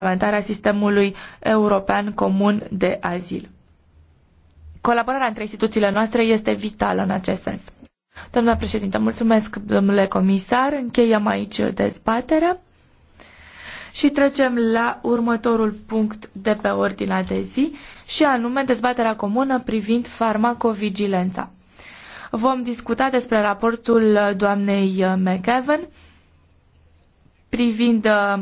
implementarea sistemului european comun de azil. Colaborarea între instituțiile noastre este vitală în acest sens. Doamna președintă, mulțumesc, domnule comisar. Încheiem aici dezbaterea și trecem la următorul punct de pe ordinea de zi și anume dezbaterea comună privind farmacovigilența. Vom discuta despre raportul doamnei McEwen privind uh,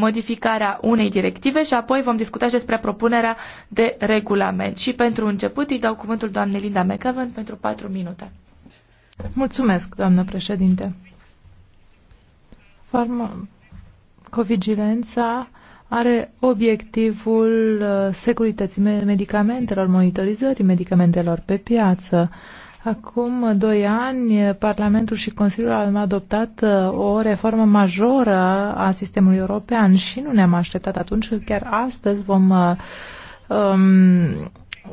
modificarea unei directive și apoi vom discuta și despre propunerea de regulament. Și pentru început îi dau cuvântul doamnei Linda McEwen pentru patru minute. Mulțumesc, doamnă președinte. covigilența are obiectivul uh, securității medicamentelor, monitorizării medicamentelor pe piață. Uh, Acum doi ani, Parlamentul și Consiliul au adoptat uh, o reformă majoră a sistemului european și nu ne-am așteptat atunci, chiar astăzi vom, uh, um,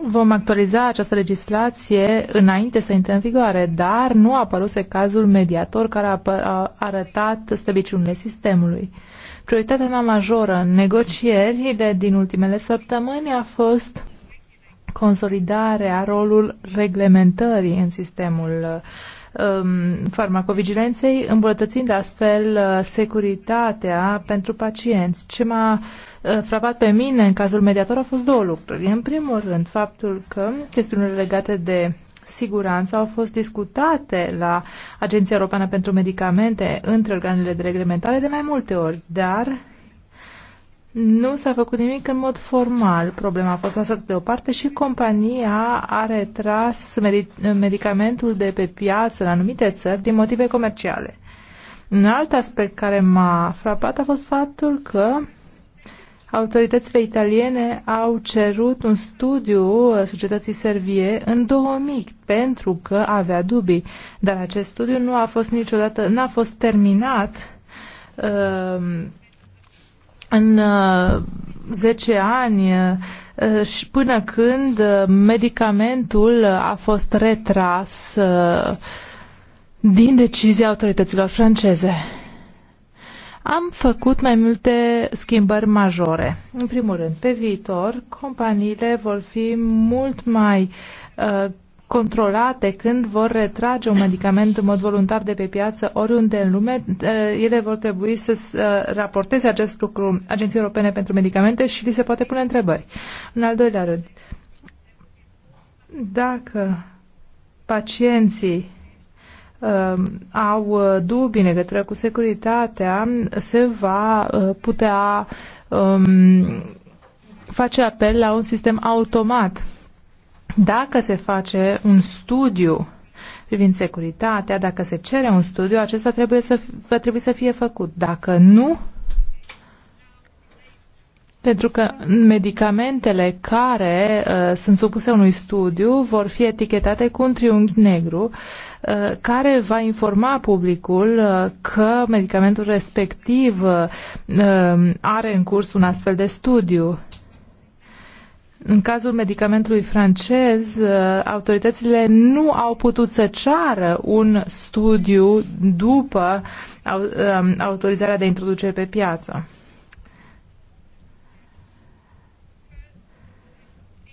vom actualiza această legislație înainte să intre în vigoare, dar nu a apărut cazul mediator care a, a arătat slăbiciunile sistemului. Prioritatea mea majoră în negocierile din ultimele săptămâni a fost consolidarea rolul reglementării în sistemul um, farmacovigilenței, îmbunătățind astfel uh, securitatea pentru pacienți. Ce m-a uh, frapat pe mine în cazul mediator a fost două lucruri. În primul rând, faptul că chestiunile legate de siguranță au fost discutate la Agenția Europeană pentru Medicamente între organele de reglementare de mai multe ori, dar nu s-a făcut nimic în mod formal. Problema a fost lăsată deoparte și compania a retras medic- medicamentul de pe piață în anumite țări din motive comerciale. Un alt aspect care m-a frapat a fost faptul că autoritățile italiene au cerut un studiu societății Servie în 2000 pentru că avea dubii, dar acest studiu nu a fost niciodată, n-a fost terminat uh, în 10 uh, ani uh, uh, și până când medicamentul a fost retras din decizia autorităților franceze. Am făcut mai multe schimbări majore. În primul rând, pe viitor, companiile vor fi mult mai uh, controlate când vor retrage un medicament în mod voluntar de pe piață oriunde în lume, eh, ele vor trebui să eh, raporteze acest lucru Agenției Europene pentru Medicamente și li se poate pune întrebări. În al doilea rând, dacă pacienții ehm, au eh, dubii în legătură cu securitatea, se va putea ehm, face apel la un sistem automat dacă se face un studiu privind securitatea, dacă se cere un studiu, acesta trebuie să, va trebui să fie făcut. Dacă nu, pentru că medicamentele care uh, sunt supuse unui studiu vor fi etichetate cu un triunghi negru uh, care va informa publicul uh, că medicamentul respectiv uh, are în curs un astfel de studiu. În cazul medicamentului francez, uh, autoritățile nu au putut să ceară un studiu după um, autorizarea de introducere pe piață.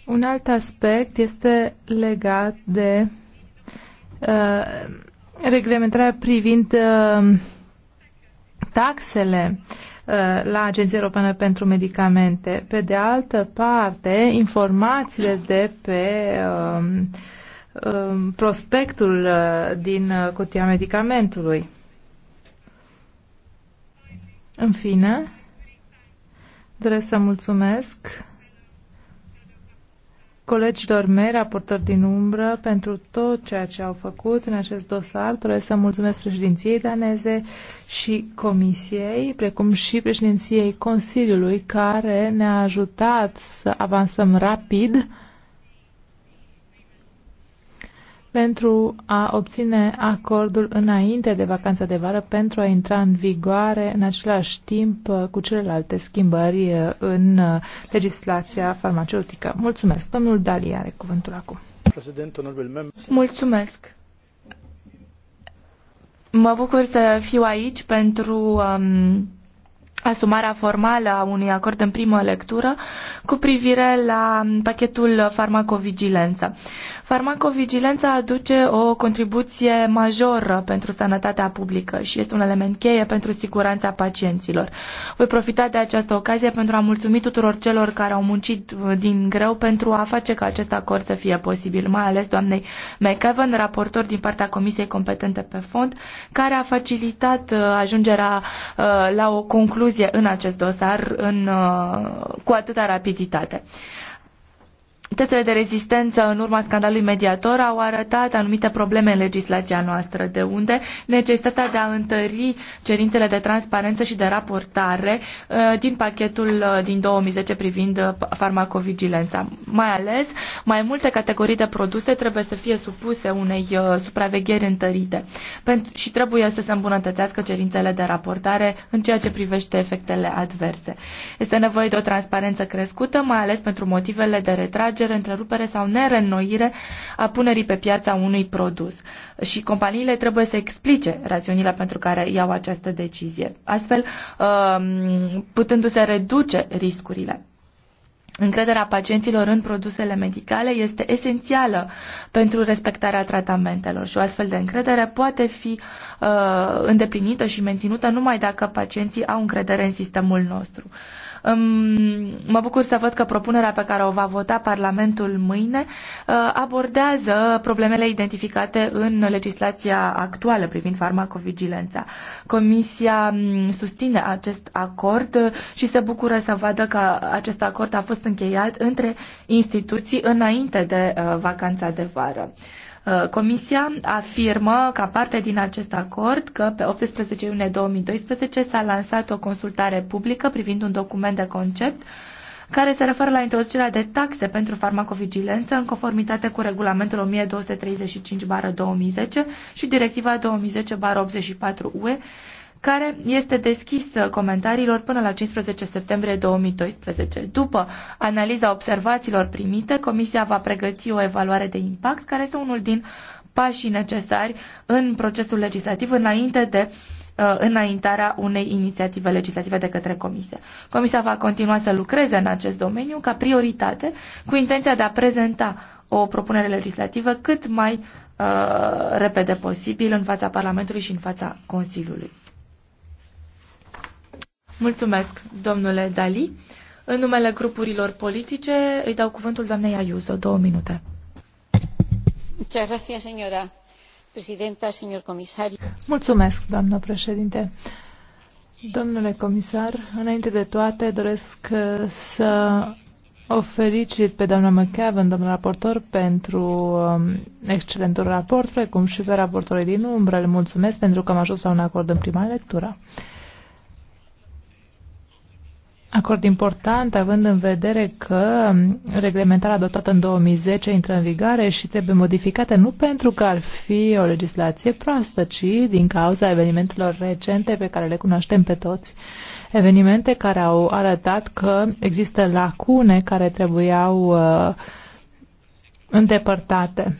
Un alt aspect este legat de uh, reglementarea privind uh, taxele. Uh, Uh, la Agenția Europeană pentru Medicamente. Pe de altă parte, informațiile de pe um, um, prospectul uh, din uh, cutia medicamentului. În fine, doresc să mulțumesc colegilor mei, raportori din umbră, pentru tot ceea ce au făcut în acest dosar. Doresc să mulțumesc președinției daneze și comisiei, precum și președinției Consiliului, care ne-a ajutat să avansăm rapid pentru a obține acordul înainte de vacanța de vară pentru a intra în vigoare în același timp uh, cu celelalte schimbări uh, în uh, legislația farmaceutică. Mulțumesc. Domnul Dali are cuvântul acum. Mulțumesc. Mă bucur să fiu aici pentru um, asumarea formală a unui acord în primă lectură cu privire la pachetul farmacovigilență. Farmacovigilența aduce o contribuție majoră pentru sănătatea publică și este un element cheie pentru siguranța pacienților. Voi profita de această ocazie pentru a mulțumi tuturor celor care au muncit uh, din greu pentru a face ca acest acord să fie posibil, mai ales doamnei McEvan, raportor din partea Comisiei Competente pe Fond, care a facilitat uh, ajungerea uh, la o concluzie decizie în acest dosar în, uh, cu atâta rapiditate. Testele de rezistență în urma scandalului mediator au arătat anumite probleme în legislația noastră, de unde necesitatea de a întări cerințele de transparență și de raportare uh, din pachetul uh, din 2010 privind uh, farmacovigilența. Mai ales, mai multe categorii de produse trebuie să fie supuse unei supravegheri întărite și trebuie să se îmbunătățească cerințele de raportare în ceea ce privește efectele adverse. Este nevoie de o transparență crescută, mai ales pentru motivele de retragere retragere, întrerupere sau nerenoire a punerii pe piața unui produs. Și companiile trebuie să explice rațiunile pentru care iau această decizie, astfel um, putându-se reduce riscurile. Încrederea pacienților în produsele medicale este esențială pentru respectarea tratamentelor și o astfel de încredere poate fi uh, îndeplinită și menținută numai dacă pacienții au încredere în sistemul nostru. Uh, Mă bucur să văd că propunerea pe care o va vota Parlamentul mâine uh, abordează problemele identificate în legislația actuală privind farmacovigilența. Comisia mm, susține acest acord uh, și se bucură să vadă că acest acord a fost încheiat între instituții înainte de uh, vacanța de vară. Uh, comisia afirmă ca parte din acest acord că pe 18 iunie 2012 s-a lansat o consultare publică privind un document de concept care se referă la introducerea de taxe pentru farmacovigilență în conformitate cu regulamentul 1235-2010 și directiva 2010-84 UE care este deschisă comentariilor până la 15 septembrie 2012. După analiza observațiilor primite, Comisia va pregăti o evaluare de impact, care este unul din pașii necesari în procesul legislativ înainte de uh, înaintarea unei inițiative legislative de către Comisie. Comisia va continua să lucreze în acest domeniu ca prioritate cu intenția de a prezenta o propunere legislativă cât mai uh, repede posibil în fața Parlamentului și în fața Consiliului. Mulțumesc, domnule Dali. În numele grupurilor politice îi dau cuvântul doamnei Ayuso. Două minute. Mulțumesc, doamnă președinte. Domnule comisar, înainte de toate doresc uh, să o felicit pe doamna McCavan, domnul raportor, pentru um, excelentul raport, precum și pe raportorii din umbră. Le mulțumesc pentru că am ajuns la un acord în prima lectură. Acord important, având în vedere că reglementarea adoptată în 2010 intră în vigoare și trebuie modificată nu pentru că ar fi o legislație proastă, ci din cauza evenimentelor recente pe care le cunoaștem pe toți. Evenimente care au arătat că există lacune care trebuiau uh, îndepărtate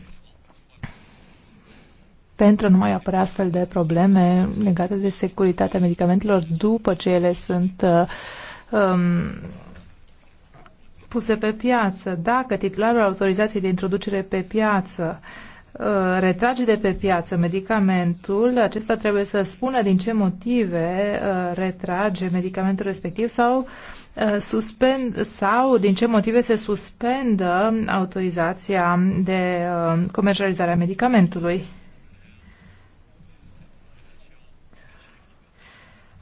pentru a nu mai apărea astfel de probleme legate de securitatea medicamentelor după ce ele sunt uh, um, puse pe piață. Dacă titularul autorizației de introducere pe piață uh, retrage de pe piață medicamentul, acesta trebuie să spună din ce motive uh, retrage medicamentul respectiv sau uh, suspend sau din ce motive se suspendă autorizația de comercializare a medicamentului.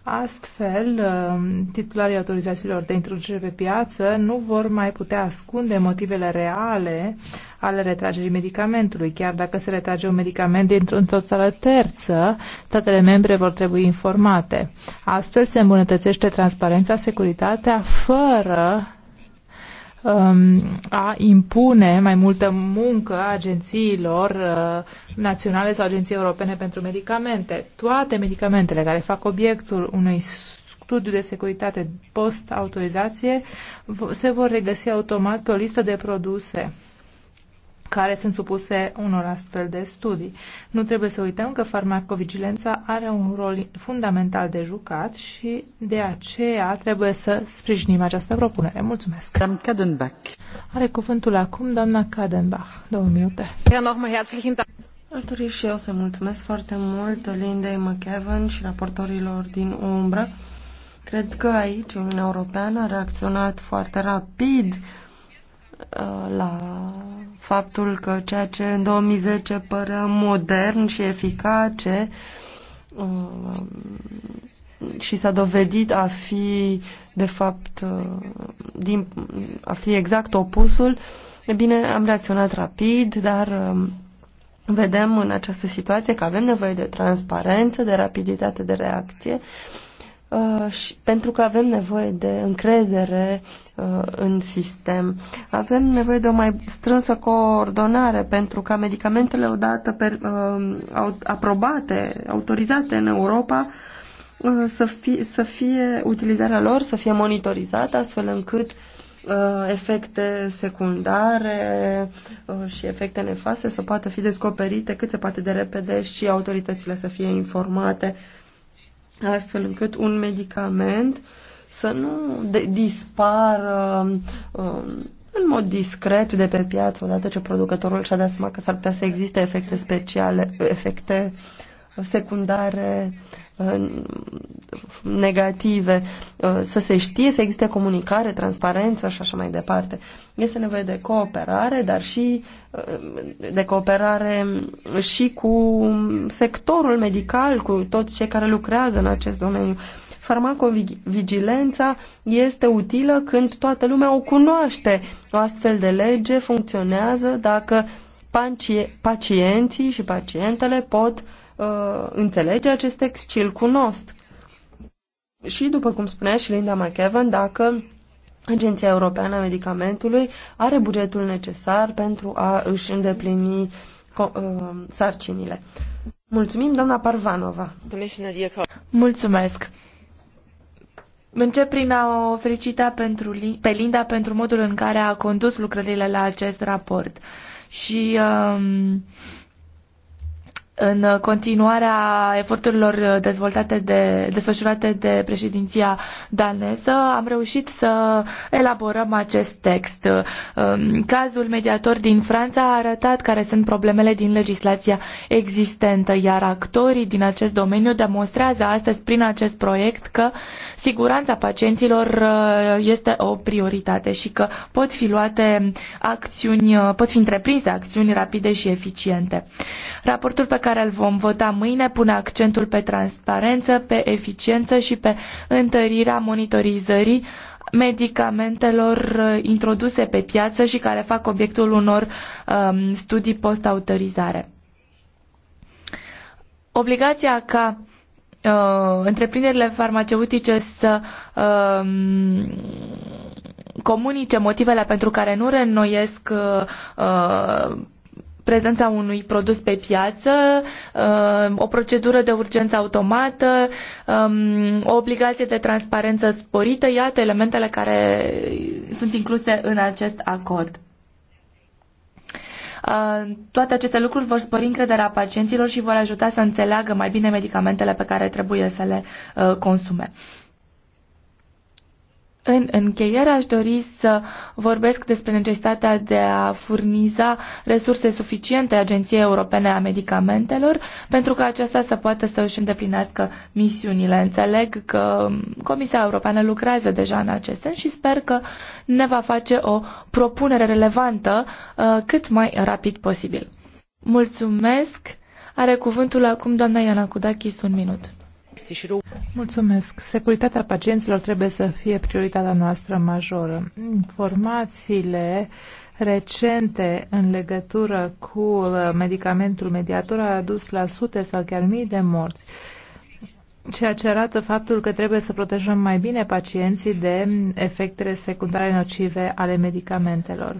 Astfel, uh, titularii autorizațiilor de introducere pe piață nu vor mai putea ascunde motivele reale ale retragerii medicamentului. Chiar dacă se retrage un medicament dintr-o țară terță, statele membre vor trebui informate. Astfel se îmbunătățește transparența, securitatea, fără Um, a impune mai multă muncă agențiilor uh, naționale sau agenții europene pentru medicamente. Toate medicamentele care fac obiectul unui studiu de securitate post-autorizație se vor regăsi automat pe o listă de produse care sunt supuse unor astfel de studii. Nu trebuie să uităm că farmacovigilența are un rol fundamental de jucat și de aceea trebuie să sprijinim această propunere. Mulțumesc! Are cuvântul acum doamna Kadenbach. Două minute. Aș dori și eu să mulțumesc foarte mult Lindei McEvan și raportorilor din umbră. Cred că aici Uniunea Europeană a reacționat foarte rapid Uh, la faptul că ceea ce în 2010 părea modern și eficace uh, și s-a dovedit a fi de fapt uh, din, a fi exact opusul, e bine, am reacționat rapid, dar um, vedem în această situație că avem nevoie de transparență, de rapiditate de reacție Uh, și pentru că avem nevoie de încredere uh, în sistem. Avem nevoie de o mai strânsă coordonare pentru ca medicamentele odată per, uh, aprobate, autorizate în Europa să fie, să fie utilizarea lor, să fie monitorizată astfel încât efecte secundare și efecte nefaste să poată fi descoperite cât se poate de repede și autoritățile să fie informate astfel încât un medicament să nu dispară um, în mod discret de pe piață odată ce producătorul și-a dat seama că s-ar putea să existe efecte speciale, efecte secundare negative, uh, să se știe, să existe comunicare, transparență și așa mai departe. Este nevoie de cooperare, dar și uh, de cooperare și cu sectorul medical, cu toți cei care lucrează în acest domeniu. Farmacovigilența este utilă când toată lumea o cunoaște. O astfel de lege funcționează dacă pacienții și pacientele pot uh, uh, înțelege acest text, și îl cunosc. Și, după cum spunea și Linda McEvan, dacă Agenția Europeană a Medicamentului are bugetul necesar pentru a își îndeplini uh, sarcinile. Mulțumim, doamna Parvanova. Mulțumesc. Încep prin a o felicita pentru, pe Linda pentru modul în care a condus lucrările la acest raport. Și Uh, în continuarea eforturilor dezvoltate de, desfășurate de președinția daneză, am reușit să elaborăm acest text. Um, cazul mediator din Franța a arătat care sunt problemele din legislația existentă, iar actorii din acest domeniu demonstrează astăzi prin acest proiect că siguranța pacienților uh, este o prioritate și că pot fi luate acțiuni, uh, pot fi întreprinse acțiuni rapide și eficiente. Raportul pe care îl vom vota mâine pune accentul pe transparență, pe eficiență și pe întărirea monitorizării medicamentelor uh, introduse pe piață și care fac obiectul unor um, studii post-autorizare. Obligația ca uh, întreprinderile farmaceutice să uh, comunice motivele pentru care nu reînnoiesc uh, uh prezența unui produs pe piață, uh, o procedură de urgență automată, um, o obligație de transparență sporită, iată elementele care sunt incluse în acest acord. Uh, toate aceste lucruri vor spori încrederea pacienților și vor ajuta să înțeleagă mai bine medicamentele pe care trebuie să le uh, consume. În încheiere aș dori să vorbesc despre necesitatea de a furniza resurse suficiente Agenției Europene a Medicamentelor pentru ca aceasta să poată să își îndeplinească misiunile. Înțeleg că Comisia Europeană lucrează deja în acest sens și sper că ne va face o propunere relevantă uh, cât mai rapid posibil. Mulțumesc! Are cuvântul acum doamna Iana Cudachis un minut. Mulțumesc. Securitatea pacienților trebuie să fie prioritatea noastră majoră. Informațiile recente în legătură cu uh, medicamentul mediator a adus la sute sau chiar mii de morți ceea ce arată faptul că trebuie să protejăm mai bine pacienții de efectele secundare nocive ale medicamentelor.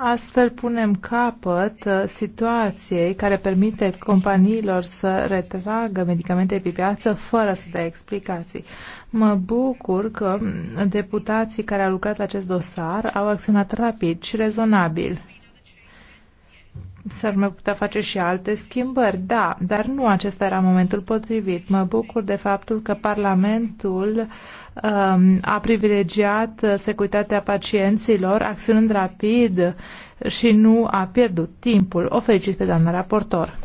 Astfel punem capăt uh, situației care permite companiilor să retragă medicamente pe piață fără să dea explicații. Mă bucur că deputații care au lucrat acest dosar au acționat rapid și rezonabil S-ar mai putea face și alte schimbări, da, dar nu acesta era momentul potrivit. Mă bucur de faptul că Parlamentul um, a privilegiat uh, securitatea pacienților, acționând rapid și nu a pierdut timpul. O felicit pe doamna raportor.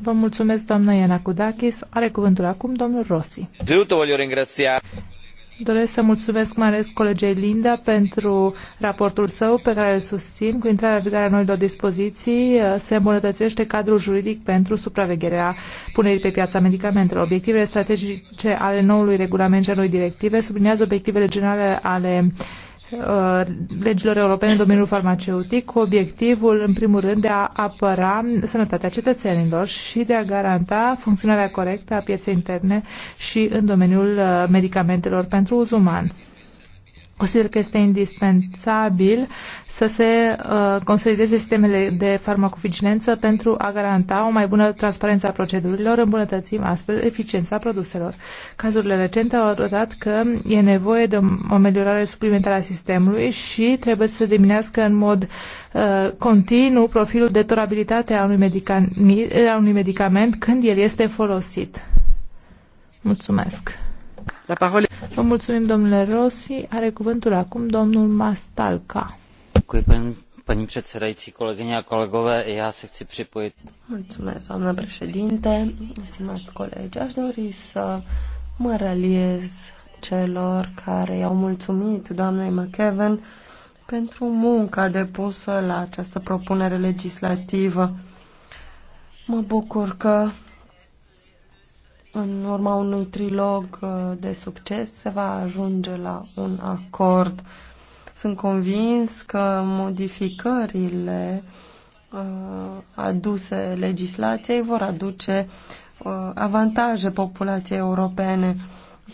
Vă mulțumesc, doamna Iana Kudakis. Are cuvântul acum domnul Rossi. Doresc să mulțumesc mai ales colegei Linda pentru raportul său pe care îl susțin. Cu intrarea în vigoare a noilor dispoziții uh, se îmbunătățește cadrul juridic pentru supravegherea punerii pe piața medicamentelor. Obiectivele strategice ale noului regulament și a noi directive subliniază obiectivele generale ale Uh, legilor europene în domeniul farmaceutic cu obiectivul, în primul rând, de a apăra sănătatea cetățenilor și de a garanta funcționarea corectă a pieței interne și în domeniul uh, medicamentelor pentru uz uman. Consider că este indispensabil să se uh, consolideze sistemele de farmacovigilență pentru a garanta o mai bună transparență a procedurilor, îmbunătățim astfel eficiența produselor. Cazurile recente au arătat că e nevoie de o ameliorare suplimentară a sistemului și trebuie să se diminească în mod uh, continuu profilul de durabilitate a unui, medica- a unui medicament când el este folosit. Mulțumesc! La parole... Vă mulțumim, domnule Rossi. Are cuvântul acum domnul Mastalca. Děkuji, paní, paní předsedající, kolegyně a kolegové, já se chci připojit. Mulțumesc, doamnă președinte, stimați colegi. Aș dori să mă raliez celor care i-au mulțumit doamnei McEwen pentru munca depusă la această propunere legislativă. Mă bucur că în urma unui trilog uh, de succes se va ajunge la un acord. Sunt convins că modificările uh, aduse legislației vor aduce uh, avantaje populației europene.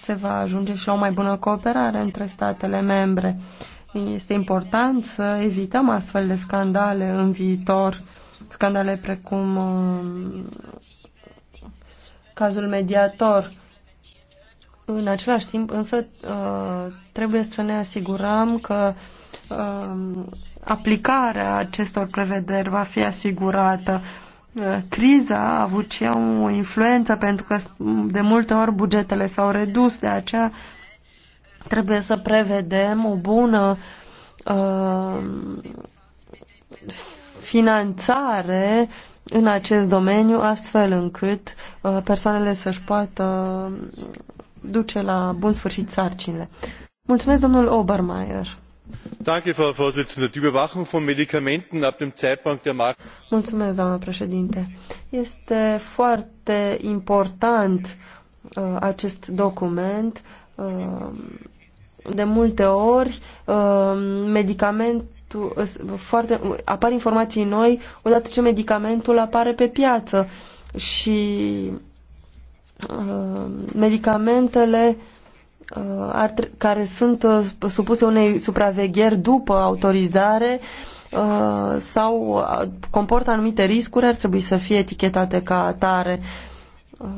Se va ajunge și la o mai bună cooperare între statele membre. Este important să evităm astfel de scandale în viitor, scandale precum cazul mediator. În același timp, însă, uh, trebuie să ne asigurăm că um, aplicarea acestor prevederi va fi asigurată. Uh, criza a avut și ea o influență pentru că de multe ori bugetele s-au redus, de aceea trebuie să prevedem o bună uh, finanțare în acest domeniu, astfel încât uh, persoanele să-și poată uh, duce la bun sfârșit sarcinile. Mulțumesc, domnul Obermeier. Danke, Frau Vorsitzende. Die Überwachung von Medikamenten ab dem Zeitpunkt der Markt. Mulțumesc, doamnă președinte. Este foarte important uh, acest document. Uh, de multe ori, uh, medicament tu foarte, apar informații noi odată ce medicamentul apare pe piață și uh, medicamentele uh, ar, care sunt uh, supuse unei supravegheri după autorizare uh, sau uh, comportă anumite riscuri ar trebui să fie etichetate ca atare. Uh,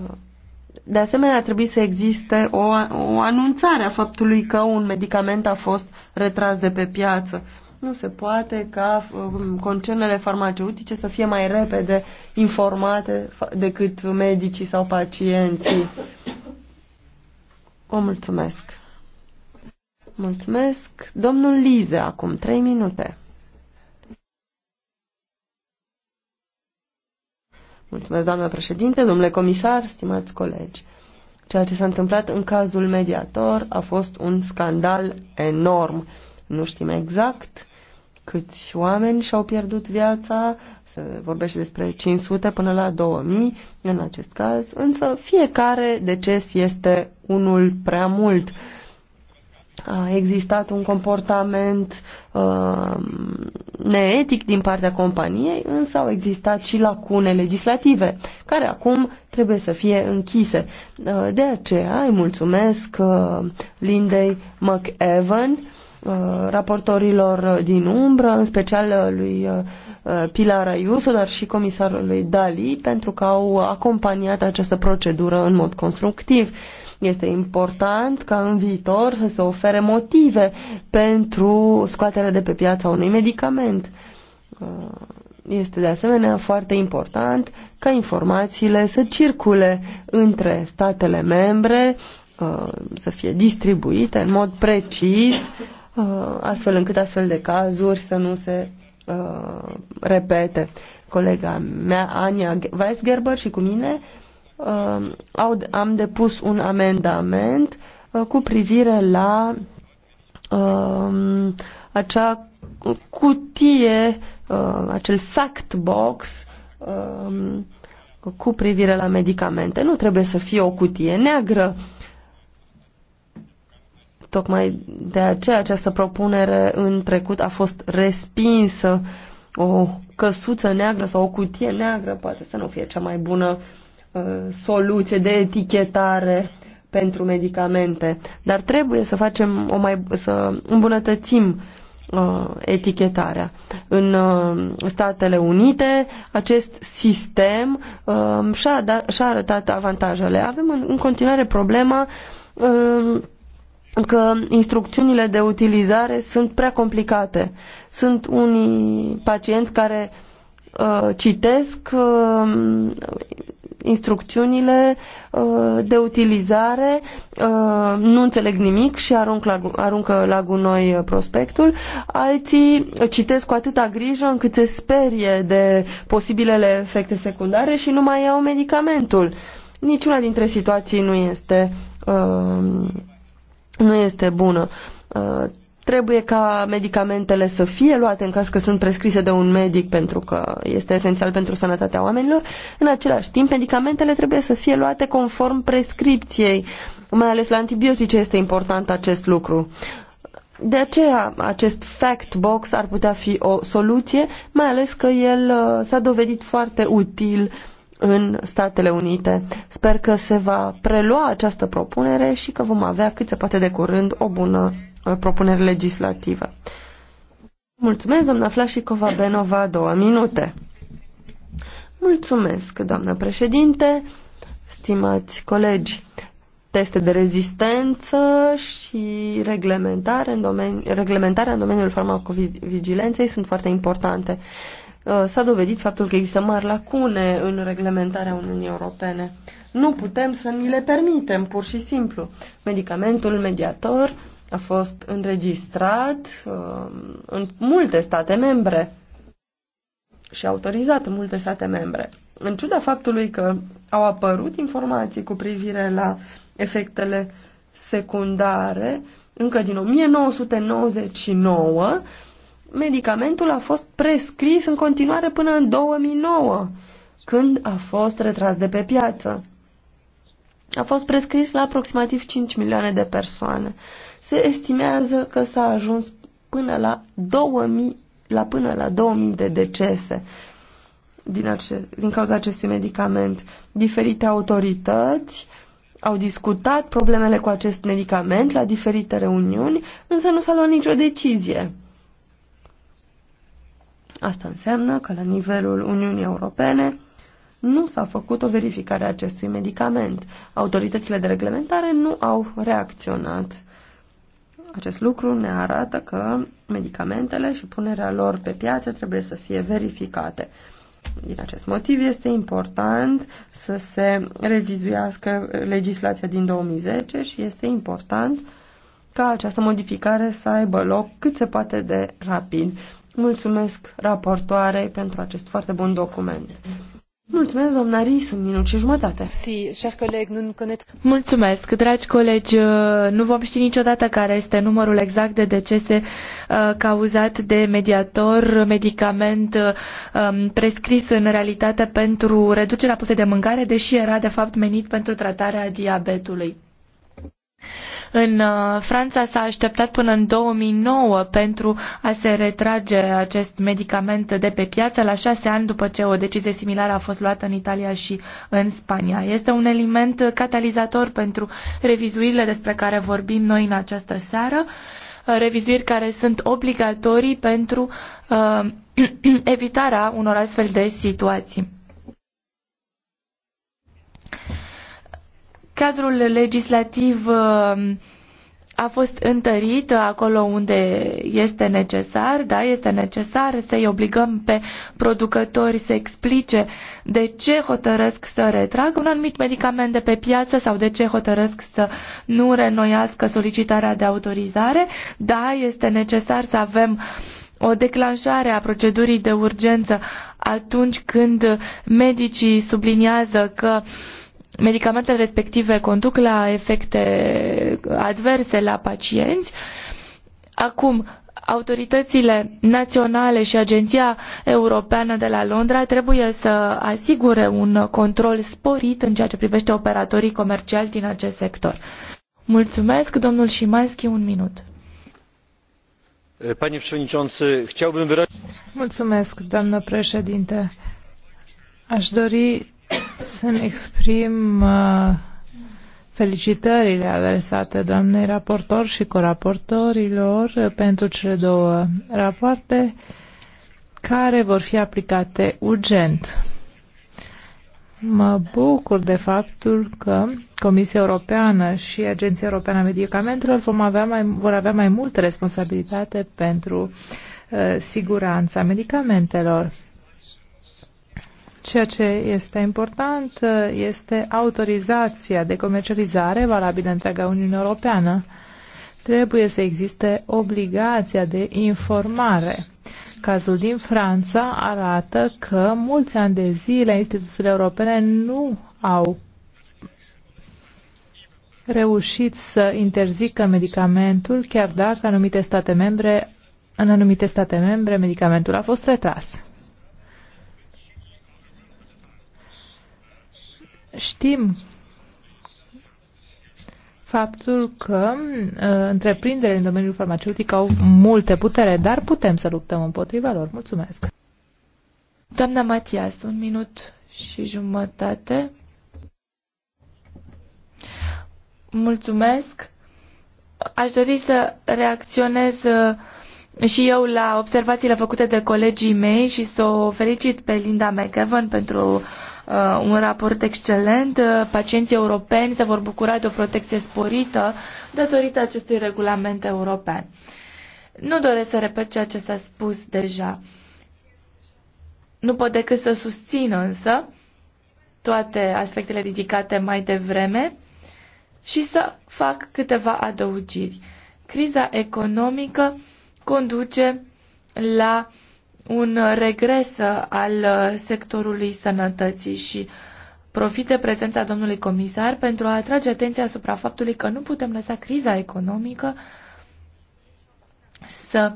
de asemenea, ar trebui să existe o, o anunțare a faptului că un medicament a fost retras de pe piață. Uh, nu se poate ca um, concernele farmaceutice să fie mai repede informate decât medicii sau pacienții. Vă mulțumesc. Mulțumesc. Domnul Lize, acum trei minute. Mulțumesc, doamnă președinte, domnule comisar, stimați colegi. Ceea ce s-a întâmplat în cazul mediator a fost un scandal enorm. Nu știm exact câți oameni și-au pierdut viața, se vorbește despre 500 până la 2000 în acest caz, însă fiecare deces este unul prea mult. A existat un comportament uh, neetic din partea companiei, însă au existat și lacune legislative, care acum trebuie să fie închise. Uh, de aceea îi mulțumesc uh, Lindei McEvan uh, Uh, raportorilor din umbră, în special uh, lui uh, Pilar Ayuso, dar și comisarului Dali, pentru că au acompaniat această procedură în mod constructiv. Este important ca în viitor să se ofere motive pentru scoaterea de pe piața unui medicament. Este de asemenea foarte important ca informațiile să circule între statele membre, să fie distribuite în mod precis Uh, astfel încât astfel de cazuri să nu se uh, repete. Colega mea, Ania Weisgerber și cu mine uh, au, am depus un amendament uh, cu privire la uh, acea cutie, uh, acel fact box uh, cu privire la medicamente. Nu trebuie să fie o cutie neagră uh, Tocmai de aceea această propunere în trecut a fost respinsă. O căsuță neagră sau o cutie neagră poate să nu fie cea mai bună uh, soluție de etichetare pentru medicamente, dar trebuie să facem o mai să îmbunătățim uh, etichetarea. În uh, Statele Unite acest sistem uh, și-a, da, și-a arătat avantajele. Avem în, în continuare problema uh, că instrucțiunile de utilizare sunt prea complicate. Sunt unii pacienți care uh, citesc uh, instrucțiunile uh, de utilizare, uh, nu înțeleg nimic și arunc la, aruncă la gunoi uh, prospectul. Alții citesc cu atâta grijă încât se sperie de posibilele efecte secundare și nu mai iau medicamentul. Niciuna dintre situații nu este uh, nu este bună. Uh, trebuie ca medicamentele să fie luate în caz că sunt prescrise de un medic pentru că este esențial pentru sănătatea oamenilor. În același timp, medicamentele trebuie să fie luate conform prescripției. Mai ales la antibiotice este important acest lucru. De aceea, acest fact box ar putea fi o soluție, mai ales că el uh, s-a dovedit foarte util în Statele Unite. Sper că se va prelua această propunere și că vom avea cât se poate de curând o bună uh, propunere legislativă. Mulțumesc, doamna Flașicova Benova, două minute. Mulțumesc, doamnă președinte, stimați colegi. Teste de rezistență și reglementare în domeni, reglementare în domeniul farmacovigilenței sunt foarte importante. Uh, Uh, s-a dovedit faptul că există mari lacune în reglementarea Uniunii Europene. Nu putem să ni le permitem, pur și simplu. Medicamentul mediator a fost înregistrat uh, în multe state membre și autorizat în multe state membre. În ciuda faptului că au apărut informații cu privire la efectele secundare, încă din 1999, medicamentul a fost prescris în continuare până în 2009, când a fost retras de pe piață. A fost prescris la aproximativ 5 milioane de persoane. Se estimează că s-a ajuns până la 2000, la până la 2000 de decese din, ace, din cauza acestui medicament. Diferite autorități au discutat problemele cu acest medicament la diferite reuniuni, însă nu s-a luat nicio decizie. Asta înseamnă că la nivelul Uniunii Europene nu s-a făcut o verificare a acestui medicament. Autoritățile de reglementare nu au reacționat. Acest lucru ne arată că medicamentele și punerea lor pe piață trebuie să fie verificate. Din acest motiv este important să se revizuiască legislația din 2010 și este important ca această modificare să aibă loc cât se poate de rapid. Mulțumesc raportoarei pentru acest foarte bun document. Mulțumesc, doamna Ris, un minut și jumătate. Si, cher coleg, nu conet... Mulțumesc, dragi colegi, uh, nu vom ști niciodată care este numărul exact de decese uh, cauzat de mediator, medicament uh, um, prescris în realitate pentru reducerea pusei de mâncare, deși era de fapt menit pentru tratarea diabetului. În uh, Franța s-a așteptat până în 2009 pentru a se retrage acest medicament de pe piață la șase ani după ce o decizie similară a fost luată în Italia și în Spania. Este un element catalizator pentru revizuirile despre care vorbim noi în această seară uh, revizuiri care sunt obligatorii pentru uh, evitarea unor astfel de situații. Cadrul legislativ um, a fost întărit acolo unde este necesar, da, este necesar să-i obligăm pe producători să explice de ce hotărăsc să retragă un anumit medicament de pe piață sau de ce hotărăsc să nu renoiască solicitarea de autorizare. Da, este necesar să avem o declanșare a procedurii de urgență atunci când medicii subliniază că uh, medicamentele respective conduc la efecte adverse la pacienți. Acum, autoritățile naționale și Agenția Europeană de la Londra trebuie să asigure un control sporit în ceea ce privește operatorii comerciali din acest sector. Mulțumesc, domnul Șimanski, un minut. Mulțumesc, doamnă președinte. Aș dori să-mi exprim uh, felicitările adresate doamnei raportor și coraportorilor uh, pentru cele două rapoarte care vor fi aplicate urgent. Mă bucur de faptul că Comisia Europeană și Agenția Europeană a Medicamentelor vom avea mai, vor avea mai multă responsabilitate pentru uh, siguranța medicamentelor. Ceea ce este important uh, este autorizația de comercializare valabilă întreaga Uniune Europeană. Trebuie să existe obligația de informare. Cazul din Franța arată că mulți ani de zile instituțiile europene nu au reușit să interzică medicamentul, chiar dacă anumite state membre, în anumite state membre medicamentul a fost retras. Știm faptul că uh, întreprinderile în domeniul farmaceutic au multe putere, dar putem să luptăm împotriva lor. Mulțumesc! Doamna Matias, un minut și jumătate. Mulțumesc! Aș dori să reacționez uh, și eu la observațiile făcute de colegii mei și să o felicit pe Linda McEvan pentru Uh, un raport excelent. Uh, pacienții europeni se vor bucura de o protecție sporită datorită acestui regulament european. Nu doresc să repet ceea ce s-a spus deja. Nu pot decât să susțin însă toate aspectele ridicate mai devreme și să fac câteva adăugiri. Criza economică conduce la un regres al sectorului sănătății și profit de prezența domnului comisar pentru a atrage atenția asupra faptului că nu putem lăsa criza economică să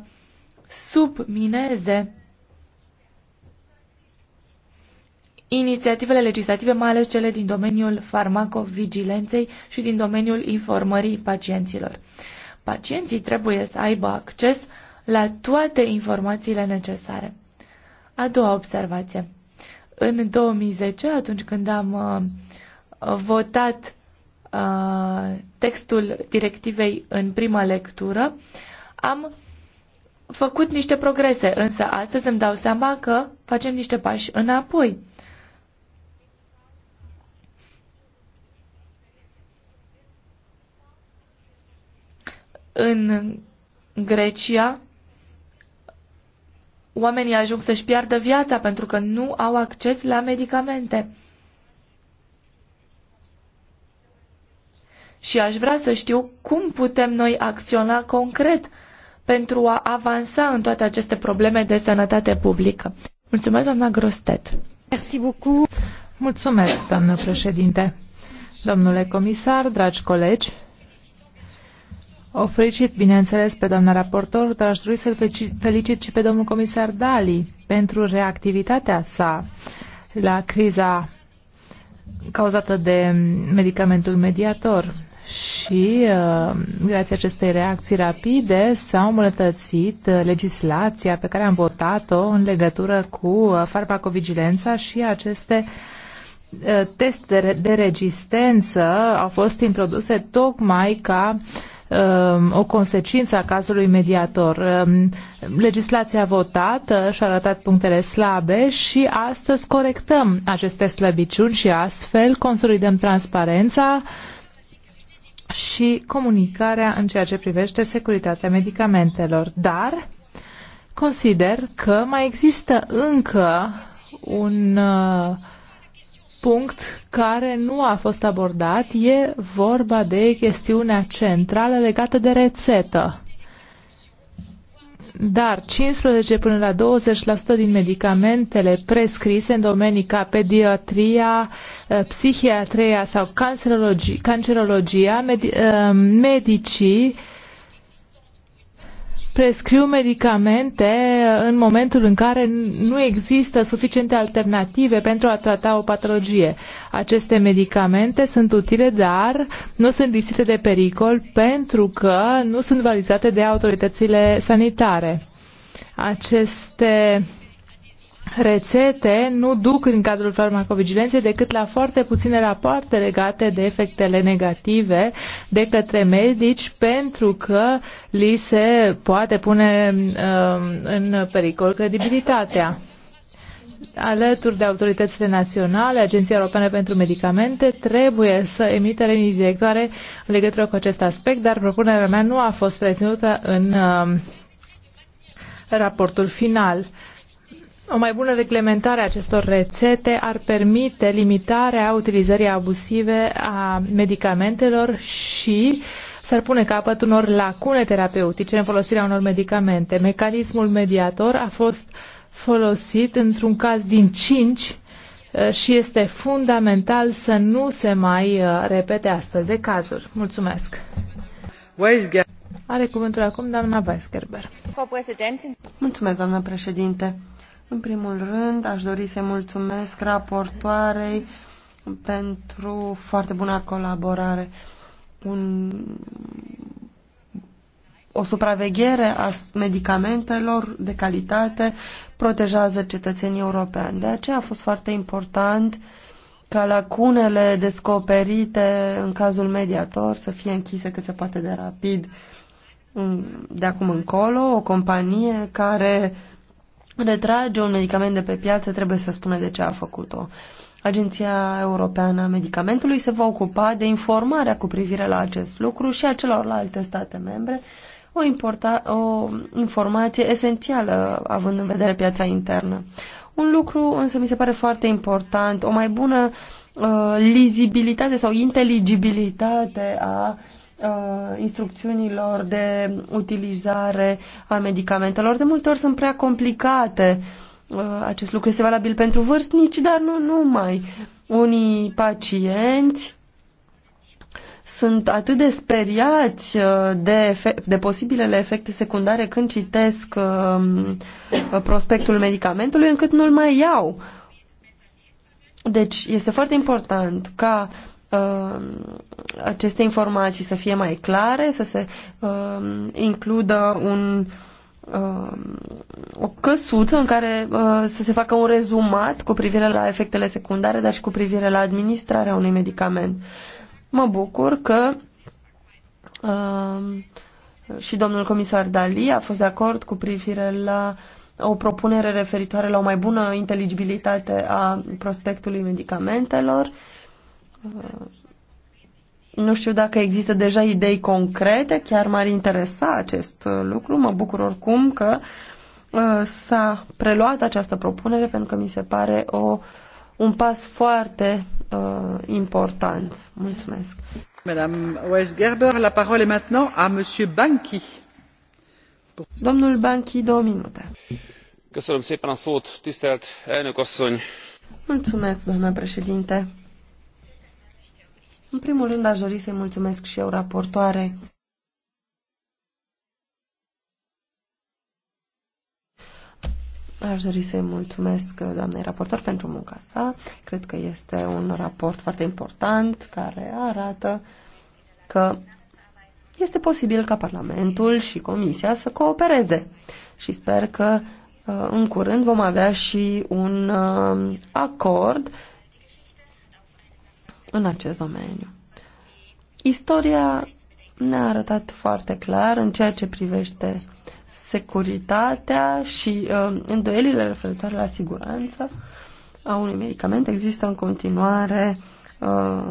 submineze inițiativele legislative, mai ales cele din domeniul farmacovigilenței și din domeniul informării pacienților. Pacienții trebuie să aibă acces la toate informațiile necesare. A doua observație. În 2010, atunci când am uh, votat uh, textul directivei în prima lectură, am făcut niște progrese, însă astăzi îmi dau seama că facem niște pași înapoi. În Grecia oamenii ajung să-și piardă viața pentru că nu au acces la medicamente. Și aș vrea să știu cum putem noi acționa concret pentru a avansa în toate aceste probleme de sănătate publică. Mulțumesc, doamna Grostet. Merci beaucoup. Mulțumesc, doamnă președinte. Domnule comisar, dragi colegi, o felicit, bineînțeles, pe doamna raportor, dar aș dori să-l felicit și pe domnul comisar Dali pentru reactivitatea sa la criza cauzată de medicamentul mediator și uh, grație acestei reacții rapide s-a îmbunătățit uh, legislația pe care am votat-o în legătură cu uh, farmacovigilența și aceste teste de rezistență au fost introduse tocmai ca Um, o consecință a cazului mediator. Um, legislația votată uh, și-a arătat punctele slabe și astăzi corectăm aceste slăbiciuni și astfel consolidăm transparența și comunicarea în ceea ce privește securitatea medicamentelor. Dar consider că mai există încă un uh, punct care nu a fost abordat e vorba de chestiunea centrală legată de rețetă. Dar 15 până la 20% din medicamentele prescrise în domenii ca pediatria, eh, psihiatria sau cancerologia, eh, medicii prescriu medicamente în momentul în care nu există suficiente alternative pentru a trata o patologie. Aceste medicamente sunt utile, dar nu sunt lipsite de pericol pentru că nu sunt valizate de autoritățile sanitare. Aceste rețete nu duc în cadrul farmacovigilenței decât la foarte puține rapoarte legate de efectele negative de către medici pentru că li se poate pune uh, în pericol credibilitatea. Alături de autoritățile naționale, Agenția Europeană pentru Medicamente trebuie să emite linii directoare în legătură cu acest aspect, dar propunerea mea nu a fost reținută în uh, raportul final. O mai bună reglementare a acestor rețete ar permite limitarea utilizării abusive a medicamentelor și s-ar pune capăt unor lacune terapeutice în folosirea unor medicamente. Mecanismul mediator a fost folosit într-un caz din cinci eh, și este fundamental să nu se mai eh, repete astfel de cazuri. Mulțumesc! Are cuvântul acum doamna Weisgerber. Mulțumesc, doamnă președinte. În primul rând, aș dori să mulțumesc raportoarei pentru foarte bună colaborare. Un, o supraveghere a medicamentelor de calitate protejează cetățenii europeni. De aceea a fost foarte important ca lacunele descoperite în cazul mediator să fie închise cât se poate de rapid. De acum încolo, o companie care retrage un medicament de pe piață, trebuie să spună de ce a făcut-o. Agenția Europeană a Medicamentului se va ocupa de informarea cu privire la acest lucru și a celorlalte state membre, o, importa, o informație esențială având în vedere piața internă. Un lucru însă mi se pare foarte important, o mai bună uh, lizibilitate sau inteligibilitate a uh, instrucțiunilor de utilizare a medicamentelor. De multe ori sunt prea complicate. Uh, acest lucru este valabil pentru vârstnici, dar nu numai. Unii pacienți sunt atât de speriați uh, de, efect, de posibilele efecte secundare când citesc um, prospectul medicamentului încât nu-l mai iau. Deci este foarte important ca uh, Uh, aceste informații să fie mai clare, să se uh, includă un, uh, o căsuță în care uh, să se facă un rezumat cu privire la efectele secundare, dar și cu privire la administrarea unui medicament. Mă bucur că uh, și domnul comisar Dali a fost de acord cu privire la o propunere referitoare la o mai bună inteligibilitate a prospectului medicamentelor nu știu dacă există deja idei concrete, chiar m-ar interesa acest uh, lucru. Mă bucur oricum că uh, s-a preluat această propunere pentru că mi se pare o, un pas foarte uh, important. Mulțumesc. Madame Weisgerber, la parole est maintenant à Monsieur Banqui. Domnul Banqui, două minute. Köszönöm szépen a szót, tisztelt elnök asszony. Mulțumesc, doamna președinte. În primul rând, aș dori să-i mulțumesc și eu raportoare. Aș dori să-i mulțumesc doamnei raportor pentru munca sa. Cred că este un raport foarte important care arată că este posibil ca Parlamentul și Comisia să coopereze și sper că uh, în curând vom avea și un uh, acord în acest domeniu. Istoria ne-a arătat foarte clar în ceea ce privește securitatea și uh, îndoielile referitoare la siguranță a unui medicament. Există în continuare uh,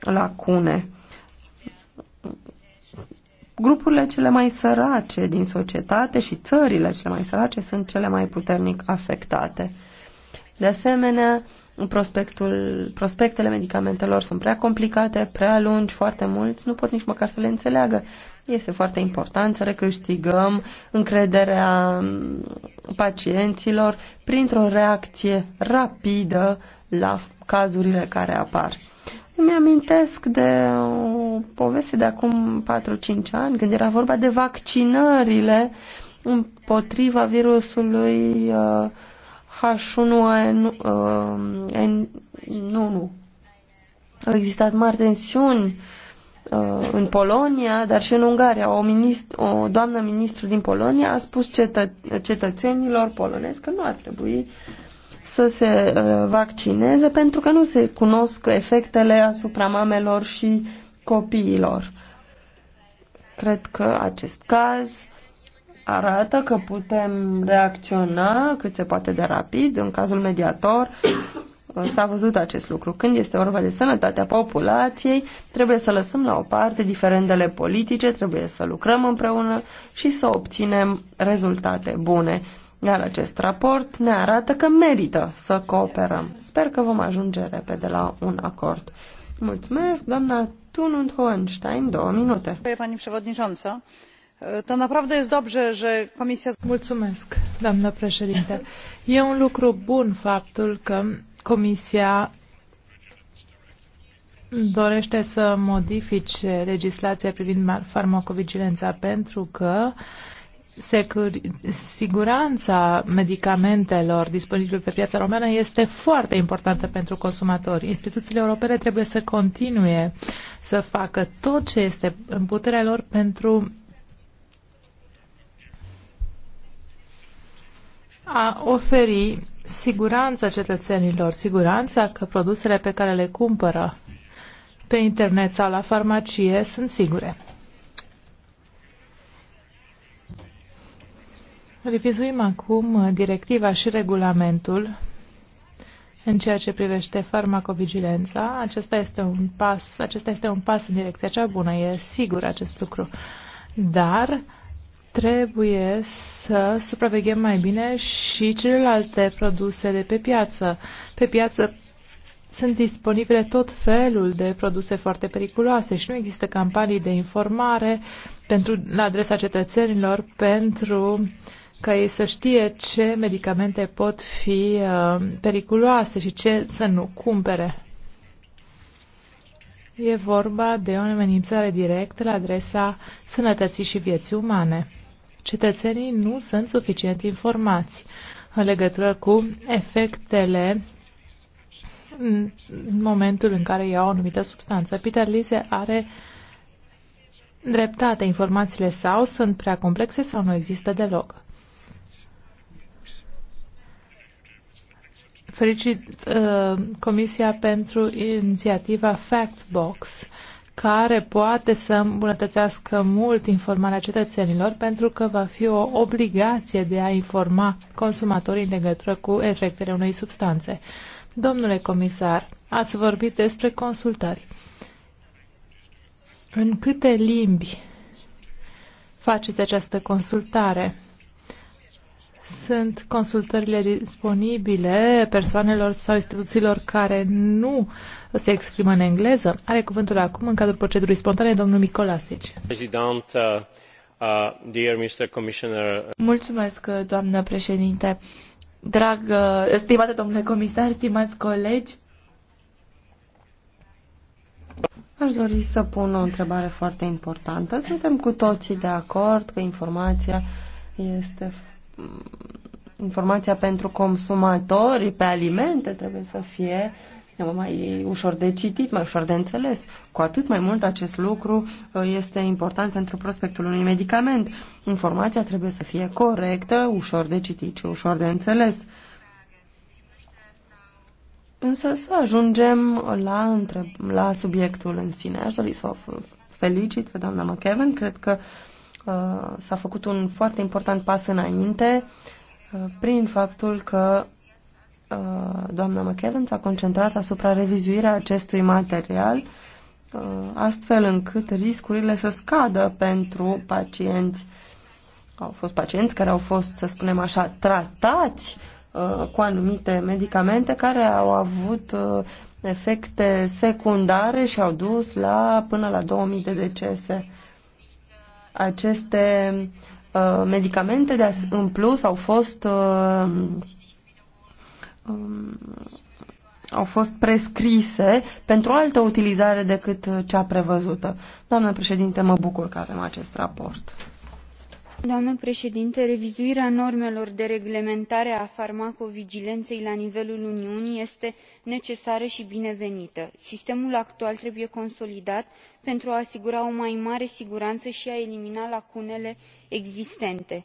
lacune. Grupurile cele mai sărace din societate și țările cele mai sărace sunt cele mai puternic afectate. De asemenea, uh, prospectul, prospectele medicamentelor sunt prea complicate, prea lungi, foarte mulți, nu pot nici măcar să le înțeleagă. Este foarte important să recâștigăm încrederea pacienților printr-o reacție rapidă la cazurile care apar. Îmi amintesc de o poveste de acum 4-5 ani, când era vorba de vaccinările împotriva virusului uh, H1N1. Uh, Au existat mari tensiuni uh, în Polonia, dar și în Ungaria. O, minist- o doamnă ministru din Polonia a spus cetă- cetățenilor polonezi că nu ar trebui să se uh, vaccineze pentru că nu se cunosc efectele asupra mamelor și copiilor. Cred că acest caz arată că putem reacționa cât se poate de rapid. În cazul mediator s-a văzut acest lucru. Când este vorba de sănătatea populației, trebuie să lăsăm la o parte diferendele politice, trebuie să lucrăm împreună și să obținem rezultate bune. Iar acest raport ne arată că merită să cooperăm. Sper că vom ajunge repede la un acord. Mulțumesc, doamna Tunund Hohenstein, două minute. Pani przewodnicząca, to naprawdę jest dobrze, że Mulțumesc, doamnă președinte. E un lucru bun faptul că Comisia dorește să modifice legislația privind farmacovigilența pentru că siguranța medicamentelor disponibile pe piața română este foarte importantă pentru consumatori. Instituțiile europene trebuie să continue să facă tot ce este în puterea lor pentru a oferi siguranța cetățenilor, siguranța că produsele pe care le cumpără pe internet sau la farmacie sunt sigure. Revizuim acum directiva și regulamentul în ceea ce privește farmacovigilența. Acesta este un pas, acesta este un pas în direcția cea bună, e sigur acest lucru. Dar trebuie să supraveghem mai bine și celelalte produse de pe piață. Pe piață sunt disponibile tot felul de produse foarte periculoase și nu există campanii de informare pentru, la adresa cetățenilor pentru ca ei să știe ce medicamente pot fi uh, periculoase și ce să nu cumpere. E vorba de o amenințare directă la adresa sănătății și vieții umane cetățenii nu sunt suficient informați în legătură cu efectele în momentul în care iau o anumită substanță. Peter Lise are dreptate. Informațiile sau sunt prea complexe sau nu există deloc. Felicit uh, Comisia pentru inițiativa Factbox. Box care poate să îmbunătățească mult informarea cetățenilor pentru că va fi o obligație de a informa consumatorii în legătură cu efectele unei substanțe. Domnule comisar, ați vorbit despre consultări. În câte limbi faceți această consultare? Sunt consultările disponibile persoanelor sau instituțiilor care nu se exprimă în engleză. Are cuvântul acum, în cadrul procedurii spontane, domnul Micolasici. Uh, uh, Mulțumesc, uh, doamnă președinte. Drag, stimate domnule comisar, stimați colegi, Aș dori să pun o întrebare foarte importantă. Suntem cu toții de acord că informația este informația pentru consumatori pe alimente trebuie să fie mai ușor de citit, mai ușor de înțeles. Cu atât mai mult acest lucru uh, este important pentru prospectul unui medicament. Informația trebuie să fie corectă, ușor de citit și ușor de înțeles. Însă să ajungem la, întreb, la subiectul în sine. Aș dori să o felicit pe doamna McKevin. Cred că uh, s-a făcut un foarte important pas înainte uh, prin faptul că Uh, doamna McKellen s-a concentrat asupra revizuirea acestui material uh, astfel încât riscurile să scadă pentru pacienți. Au fost pacienți care au fost, să spunem așa, tratați uh, cu anumite medicamente care au avut efecte secundare și au dus la până la 2000 de decese. Aceste medicamente de în plus au fost uh, um, au fost prescrise pentru altă utilizare decât uh, cea prevăzută. Doamnă președinte, mă bucur că avem acest raport. Doamnă președinte, revizuirea normelor de reglementare a farmacovigilenței la nivelul Uniunii este necesară și binevenită. Sistemul actual trebuie consolidat pentru a asigura o mai mare siguranță și a elimina lacunele existente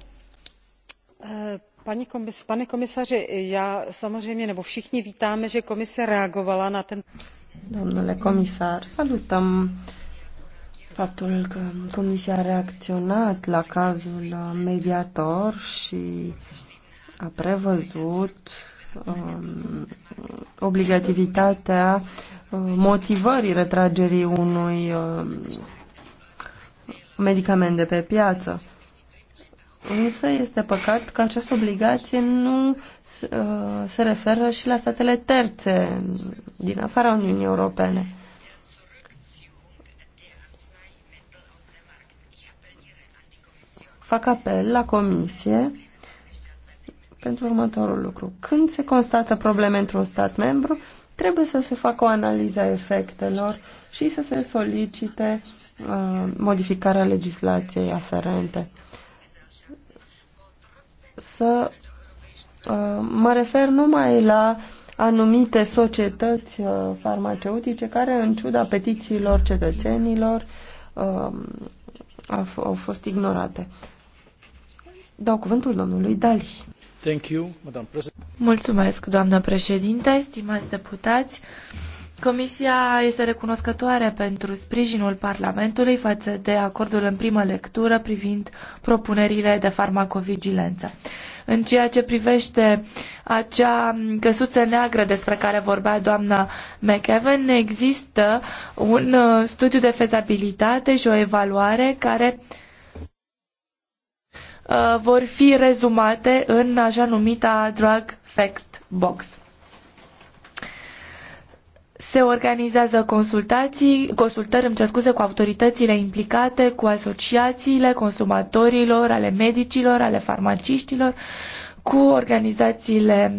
Eh, pane komisaři já samozřejmě nebo všichni vítáme že komise reagovala na ten. domnule comisar salutăm faptul că comisia a reacționat la cazul mediator și a prevăzut um, obligativitatea uh, motivării retragerii unui um, medicament de pe piață Însă este păcat că această obligație nu uh, se referă și la statele terțe din afara Uniunii Europene. Fac apel la Comisie pentru următorul lucru. Când se constată probleme într-un stat membru, trebuie să se facă o analiză a efectelor și să se solicite uh, modificarea legislației aferente. Uh, să uh, mă refer numai la anumite societăți uh, farmaceutice care, în ciuda petițiilor cetățenilor, um, au fost ignorate. Dau cuvântul domnului Dali. Thank you, Mulțumesc, doamnă președinte, stimați deputați. Comisia este recunoscătoare pentru sprijinul Parlamentului față de acordul în primă lectură privind propunerile de farmacovigilență. În ceea ce privește acea căsuță neagră despre care vorbea doamna McEwen, există un uh, studiu de fezabilitate și o evaluare care uh, vor fi rezumate în așa numita drug fact box se organizează consultații, consultări, îmi cer scuze, cu autoritățile implicate, cu asociațiile consumatorilor, ale medicilor, ale farmaciștilor, cu organizațiile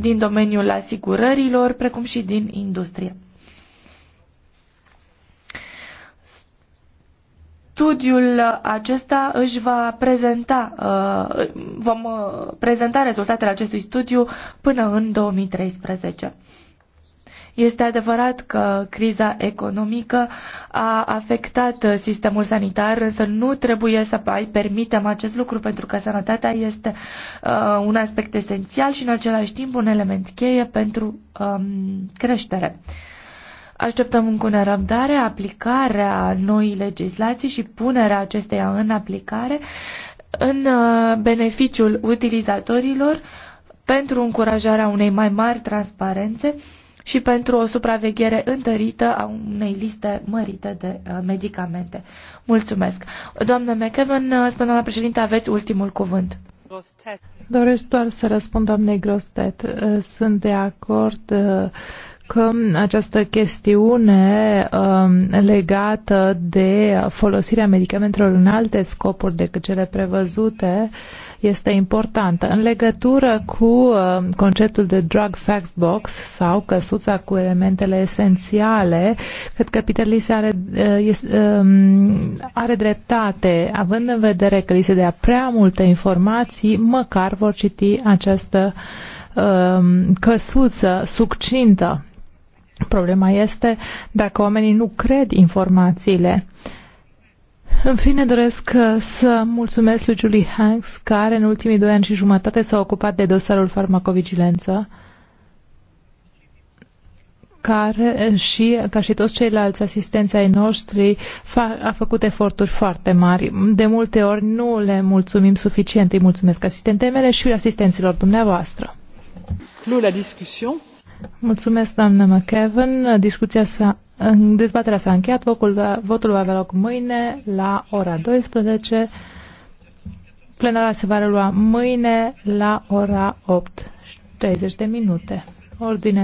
din domeniul asigurărilor, precum și din industrie. Studiul acesta își va prezenta, uh, vom uh, prezenta rezultatele acestui studiu până în 2013. Este adevărat că criza economică a afectat uh, sistemul sanitar, însă nu trebuie să mai permitem acest lucru pentru că sănătatea este uh, un aspect esențial și în același timp un element cheie pentru um, creștere. Așteptăm cu nerăbdare aplicarea noii legislații și punerea acesteia în aplicare în uh, beneficiul utilizatorilor pentru încurajarea unei mai mari transparențe și pentru o supraveghere întărită a unei liste mărite de uh, medicamente. Mulțumesc. Doamnă McEvan, uh, spune la președinte, aveți ultimul cuvânt. Doresc doar să răspund doamnei Grostet. Uh, sunt de acord această chestiune um, legată de folosirea medicamentelor în alte scopuri decât cele prevăzute este importantă. În legătură cu um, conceptul de drug fact box sau căsuța cu elementele esențiale, cred că Peter Lise are, uh, um, are dreptate, având în vedere că li se dea prea multe informații, măcar vor citi această căsuță succintă Problema este dacă oamenii nu cred informațiile. În fine, doresc uh, să mulțumesc lui Julie Hanks, care în ultimii doi ani și jumătate s-a ocupat de dosarul farmacovigilență care și, ca și toți ceilalți asistenți ai noștri, a făcut eforturi foarte mari. De multe ori nu le mulțumim suficient. Îi mulțumesc asistentei mele și asistenților dumneavoastră. Clou la discussion. Mulțumesc, doamnă McKevin. Discuția s-a, dezbaterea s-a încheiat. Votul, votul va avea loc mâine la ora 12. Plenara se va relua mâine la ora 8. 30 de minute. Ordine